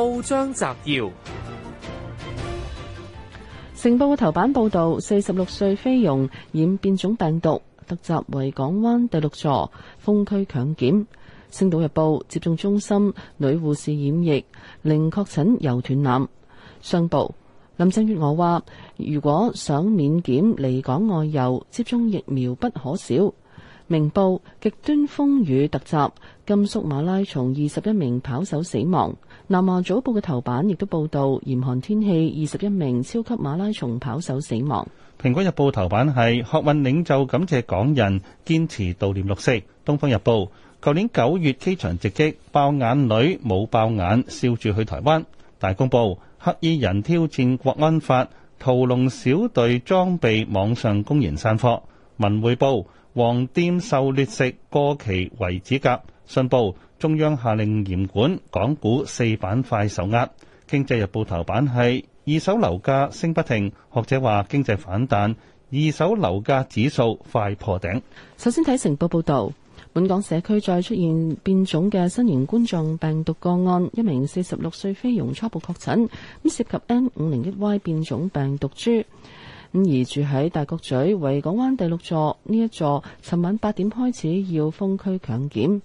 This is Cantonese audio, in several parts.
報章摘要：成報嘅頭版報道，四十六歲菲傭染變種病毒，突襲維港灣第六座封區強檢；星島日報接種中心女護士染疫，令確診又斷纜。商報林鄭月娥話：如果想免檢離港外遊，接種疫苗不可少。明報極端風雨突襲，甘肅馬拉松二十一名跑手死亡。南華早報嘅頭版亦都報道嚴寒天氣，二十一名超級馬拉松跑手死亡。蘋果日報頭版係學運領袖感謝港人堅持悼念綠色。東方日報舊年九月機場直擊，爆眼女冇爆眼，笑住去台灣。大公報黑衣人挑戰國安法，屠龍小隊裝備網上公然散貨。文匯報黃店受劣食過期為指甲。信報中央下令嚴管，港股四板塊受壓。經濟日報頭版係二手樓價升不停，學者話經濟反彈，二手樓價指數快破頂。首先睇成報報導，本港社區再出現變種嘅新型冠狀病毒個案，一名四十六歲菲傭初步確診，咁涉及 N 五零一 Y 變種病毒株。咁而住喺大角咀維港灣第六座呢一座，尋晚八點開始要封區強檢。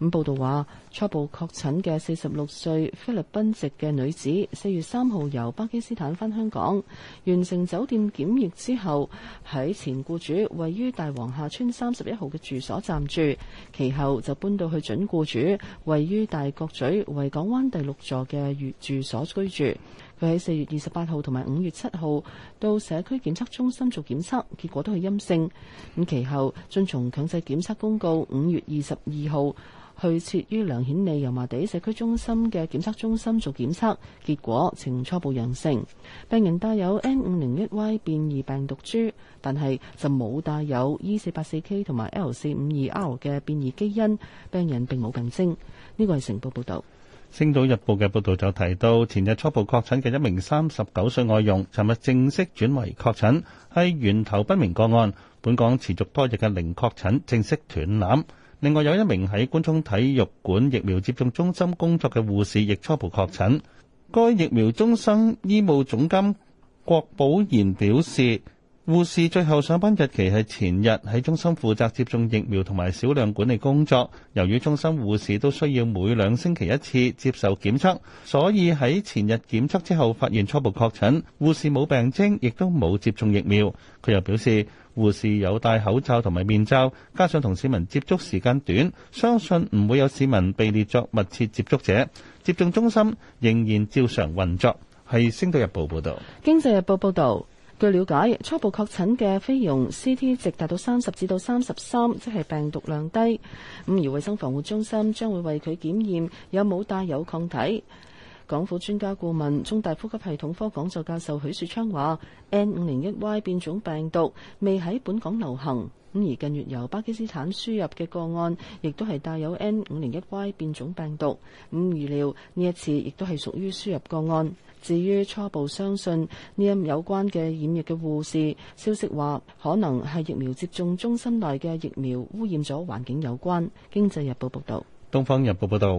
咁報道話，初步確診嘅四十六歲菲律賓籍嘅女子，四月三號由巴基斯坦返香港，完成酒店檢疫之後，喺前僱主位於大王下村三十一號嘅住所暫住，其後就搬到去準僱主位於大角咀維港灣第六座嘅住所居住。佢喺四月二十八號同埋五月七號到社區檢測中心做檢測，結果都係陰性。咁其後遵從強制檢測公告，五月二十二號去設於梁顯利油麻地社區中心嘅檢測中心做檢測，結果呈初步陽性。病人帶有 N 五零一 Y 變異病毒株，但係就冇帶有，有 E 四八四 K 同埋 L 四五二 R 嘅變異基因。病人並冇病徵。呢、這個係成報報導。星島日報嘅報導就提到，前日初步確診嘅一名三十九歲外傭，尋日正式轉為確診，係源頭不明個案。本港持續多日嘅零確診正式斷纜。另外有一名喺觀眾體育館疫苗接種中心工作嘅護士亦初步確診。該疫苗中心醫務總監郭寶賢表示。護士最後上班日期係前日，喺中心負責接種疫苗同埋少量管理工作。由於中心護士都需要每兩星期一次接受檢測，所以喺前日檢測之後發現初步確診。護士冇病徵，亦都冇接種疫苗。佢又表示，護士有戴口罩同埋面罩，加上同市民接觸時間短，相信唔會有市民被列作密切接觸者。接種中心仍然照常運作。係星島日報報道，經濟日報報道。據了解，初步確診嘅菲傭 CT 值達到三十至到三十三，即係病毒量低。咁而衞生防護中心將會為佢檢驗有冇帶有抗體。港府專家顧問、中大呼吸系統科講座教授許樹昌話：N 五零一 Y 變種病毒未喺本港流行，咁而近月由巴基斯坦輸入嘅個案，亦都係帶有 N 五零一 Y 變種病毒，咁預料呢一次亦都係屬於輸入個案。至於初步相信呢一有關嘅染疫嘅護士，消息話可能係疫苗接種中心內嘅疫苗污染咗環境有關。經濟日報報道。東方日報報道，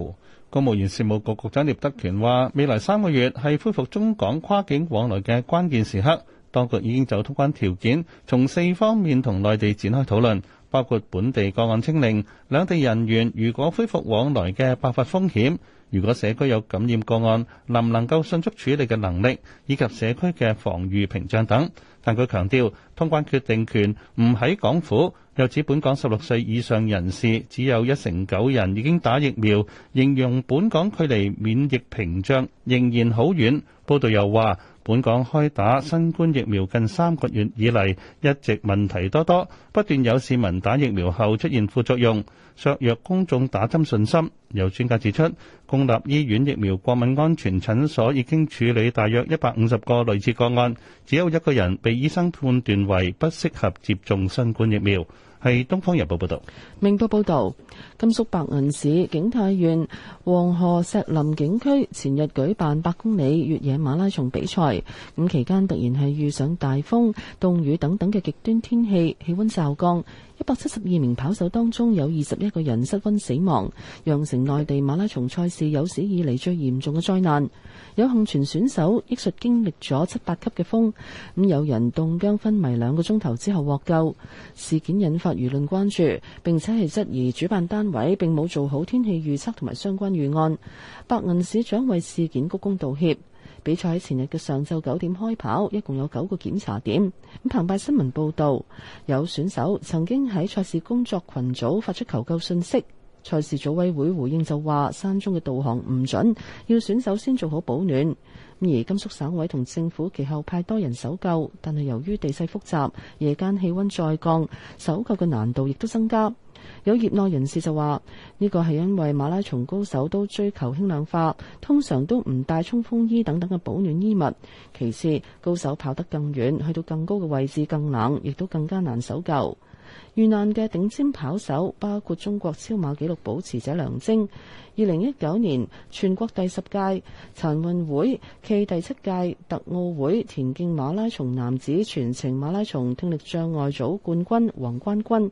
公務員事務局局長聶德權話未來三個月係恢復中港跨境往來嘅關鍵時刻。當局已經就通關條件,從四方面和內地展開討論,包括本地個案清零,兩地人員如果恢復往來嘅爆發風險,如果社區有感染個案,能唔能夠迅速處理嘅能力,以及社區嘅防御屏障等。但佢強調，通關決定權唔喺港府，又指本港十六歲以上人士只有一成九人已經打疫苗，形容本港距離免疫屏障仍然好遠。報道又話本港開打新冠疫苗近三個月以嚟一直問題多多，不斷有市民打疫苗後出現副作用，削弱公眾打針信心。有專家指出，公立醫院疫苗過敏安全診所已經處理大約一百五十個類似個案，只有一個人被醫生判斷為不適合接種新冠疫苗。係《東方日報》報道。《明報》報道，甘肅白銀市景泰縣黃河石林景區前日舉辦百公里越野馬拉松比賽，咁期間突然係遇上大風、凍雨等等嘅極端天氣，氣溫驟降。一百七十二名跑手當中，有二十一個人失溫死亡，釀成內地馬拉松賽事有史以嚟最嚴重嘅災難。有幸存選手亦述經歷咗七八級嘅風，咁有人凍僵昏迷兩個鐘頭之後獲救。事件引發輿論關注，並且係質疑主辦單位並冇做好天氣預測同埋相關預案。白銀市長為事件鞠躬道歉。比賽喺前日嘅上晝九點開跑，一共有九個檢查點。咁澎湃新聞報道，有選手曾經喺賽事工作群組發出求救信息，賽事組委會回應就話山中嘅導航唔準，要選手先做好保暖。而甘肅省委同政府其後派多人搜救，但係由於地勢複雜，夜間氣溫再降，搜救嘅難度亦都增加。有業內人士就話：呢個係因為馬拉松高手都追求輕量化，通常都唔帶衝鋒衣等等嘅保暖衣物。其次，高手跑得更遠，去到更高嘅位置更冷，亦都更加難搜救。遇難嘅頂尖跑手包括中國超馬紀錄保持者梁晶，二零一九年全國第十屆殘運會暨第七屆特奧會田徑馬拉松男子全程馬拉松聽力障礙組冠軍黃關軍。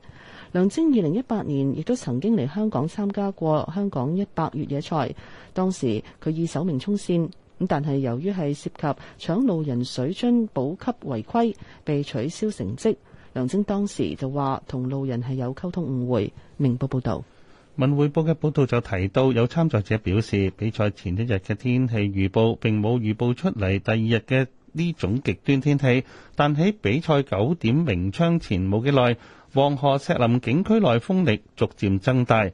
梁晶二零一八年亦都曾經嚟香港參加過香港一百越野賽，當時佢以首名衝線，咁但係由於係涉及搶路人水樽補給違規，被取消成績。梁晶當時就話：同路人係有溝通誤會。明報報道，文匯報嘅報導就提到，有參賽者表示，比賽前一日嘅天氣預報並冇預報出嚟第二日嘅呢種極端天氣，但喺比賽九點鳴槍前冇幾耐，黃河石林景區內風力逐漸增大，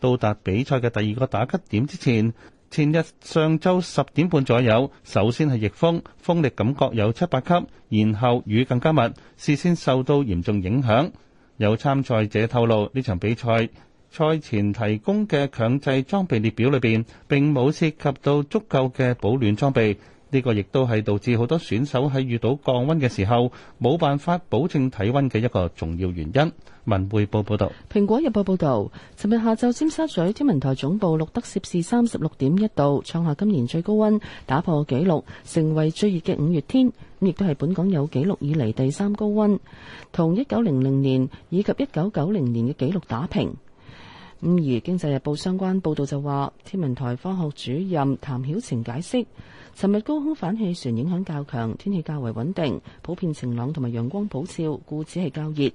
到達比賽嘅第二個打卡點之前。前日上晝十點半左右，首先係逆風，風力感覺有七八級，然後雨更加密，事先受到嚴重影響。有參賽者透露，呢場比賽賽前提供嘅強制裝備列表裏邊並冇涉及到足夠嘅保暖裝備。呢個亦都係導致好多選手喺遇到降溫嘅時候冇辦法保證體溫嘅一個重要原因。文匯報報道，蘋果日報報道，尋日下晝，尖沙咀天文台總部錄得攝氏三十六點一度，創下今年最高溫，打破紀錄，成為最熱嘅五月天。亦都係本港有紀錄以嚟第三高溫，同一九零零年以及一九九零年嘅紀錄打平。咁而《經濟日報》相關報導就話，天文台科學主任譚曉晴解釋，尋日高空反氣旋影響較強，天氣較為穩定，普遍晴朗同埋陽光普照，故此係較熱。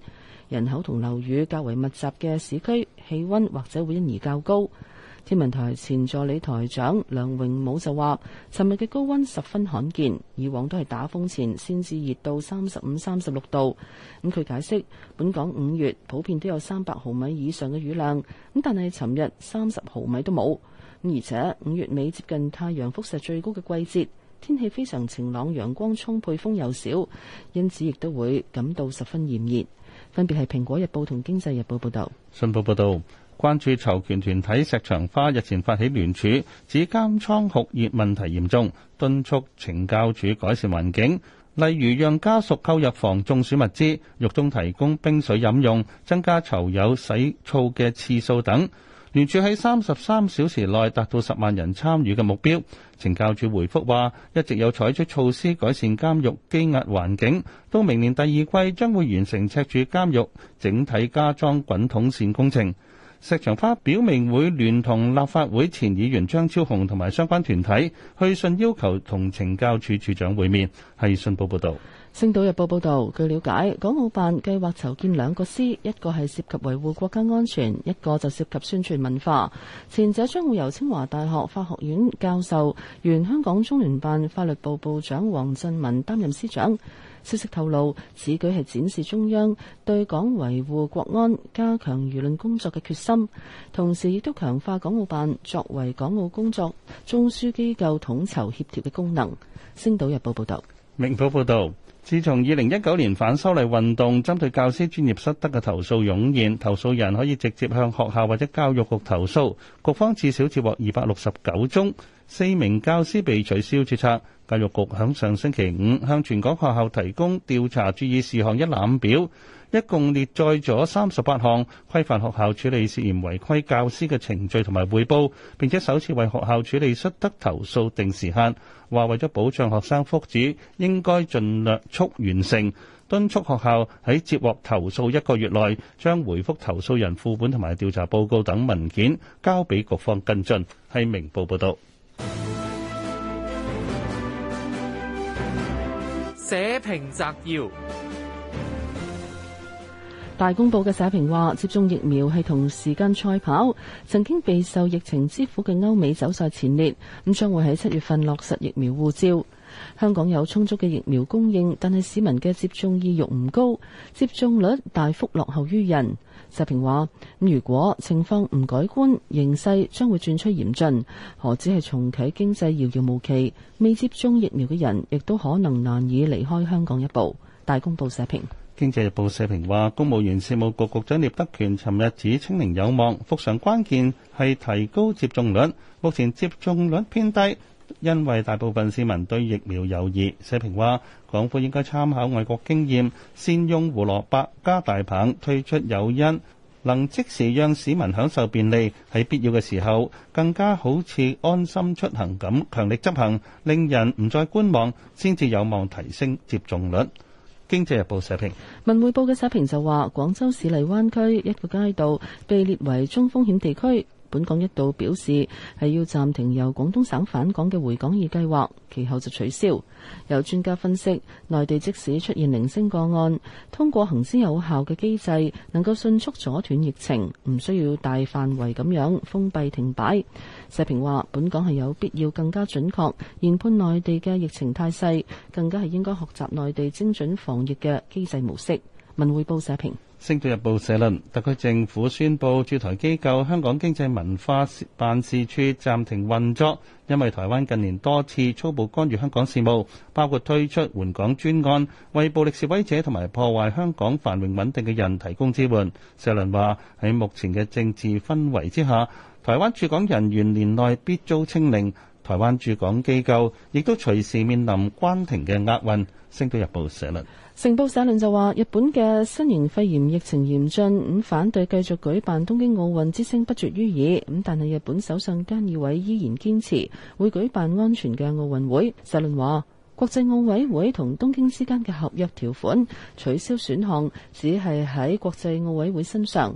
人口同樓宇較為密集嘅市區，氣温或者會因而較高。天文台前助理台長梁榮武就話，尋日嘅高温十分罕見，以往都係打風前先至熱到三十五、三十六度。咁佢解釋，本港五月普遍都有三百毫米以上嘅雨量，咁但係尋日三十毫米都冇。而且五月尾接近太陽輻射最高嘅季節，天氣非常晴朗，陽光充沛，風又少，因此亦都會感到十分炎熱。分別係《蘋果日報》同《經濟日報》報道。信報報道。關注囚權團體石牆花日前發起聯署，指監倉酷熱問題嚴重，敦促懲教署改善環境，例如讓家屬購入防中暑物資，獄中提供冰水飲用，增加囚友洗澡嘅次數等。聯署喺三十三小時內達到十萬人參與嘅目標。懲教署回覆話，一直有採取措施改善監獄羈押環境，到明年第二季將會完成赤柱監獄整體加裝滾筒線工程。石長花表明會聯同立法會前議員張超雄同埋相關團體，去信要求同懲教處處長會面，係信報報道。星島日報報道，據了解，港澳辦計劃籌建兩個司，一個係涉及維護國家安全，一個就涉及宣傳文化。前者將會由清華大學法學院教授、原香港中聯辦法律部部長黃振文擔任司長。消息透露，此舉係展示中央對港維護國安、加強輿論工作嘅決心，同時亦都強化港澳辦作為港澳工作中樞機構統籌協調嘅功能。星島日報報道，明報報道。自從二零一九年反修例運動，針對教師專業失德嘅投訴湧現，投訴人可以直接向學校或者教育局投訴，局方至少接獲二百六十九宗。四名教師被取消註冊。教育局響上星期五向全港學校提供調查注意事項一覽表，一共列載咗三十八項規範學校處理涉嫌違規教師嘅程序同埋彙報。並且首次為學校處理失德投訴定時限，話為咗保障學生福祉，應該盡量速完成。敦促學校喺接獲投訴一個月內，將回覆投訴人副本同埋調查報告等文件交俾局方跟進。係明報報道。社評摘要，大公報嘅社評話，接種疫苗係同時間賽跑，曾經備受疫情之苦嘅歐美走在前列，咁將會喺七月份落實疫苗護照。香港有充足嘅疫苗供應，但係市民嘅接種意慾唔高，接種率大幅落後於人。社評話：如果情況唔改觀，形勢將會轉趨嚴峻，何止係重啟經濟遙遙無期？未接種疫苗嘅人亦都可能難以離開香港一步。大公報社評，經濟日報社評話，公務員事務局局局長聶德權尋日指清零有望，復常關鍵係提高接種率，目前接種率偏低。因為大部分市民對疫苗猶豫，社評話：港府應該參考外國經驗，先用胡蘿蔔加大棒推出誘因，能即時讓市民享受便利，喺必要嘅時候更加好似安心出行咁，強力執行，令人唔再觀望，先至有望提升接種率。經濟日報社評，文匯報嘅社評就話：廣州市荔灣區一個街道被列為中風險地區。本港一度表示，係要暫停由廣東省返港嘅回港易計劃，其後就取消。有專家分析，內地即使出現零星個案，通過行之有效嘅機制，能夠迅速阻斷疫情，唔需要大範圍咁樣封閉停擺。社評話，本港係有必要更加準確研判內地嘅疫情態勢，更加係應該學習內地精準防疫嘅機制模式。文匯報社評。星島日報社論：特區政府宣布駐台機構香港經濟文化辦事處暫停運作，因為台灣近年多次粗暴干預香港事務，包括推出援港專案，為暴力示威者同埋破壞香港繁榮穩定嘅人提供支援。社論話，喺目前嘅政治氛圍之下，台灣駐港人員年內必遭清零。台灣駐港機構亦都隨時面臨關停嘅厄運。星島日報社論。成報社論就話：日本嘅新型肺炎疫情嚴峻，咁反對繼續舉辦東京奧運之聲不絕於耳。咁但係日本首相菅義偉依然堅持會舉辦安全嘅奧運會。社論話：國際奧委會同東京之間嘅合約條款取消選項，只係喺國際奧委會身上。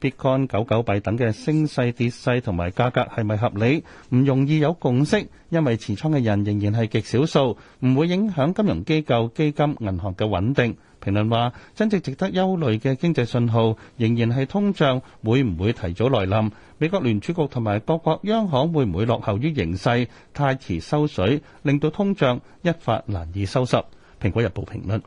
Bitcoin、九九幣等嘅升勢、跌勢同埋價格係咪合理？唔容易有共識，因為持倉嘅人仍然係極少數，唔會影響金融機構、基金、銀行嘅穩定。評論話：真正值得憂慮嘅經濟信號，仍然係通脹會唔會提早來臨？美國聯儲局同埋各國央行會唔會落後於形勢，太遲收水，令到通脹一發難以收拾？《蘋果日報》評論。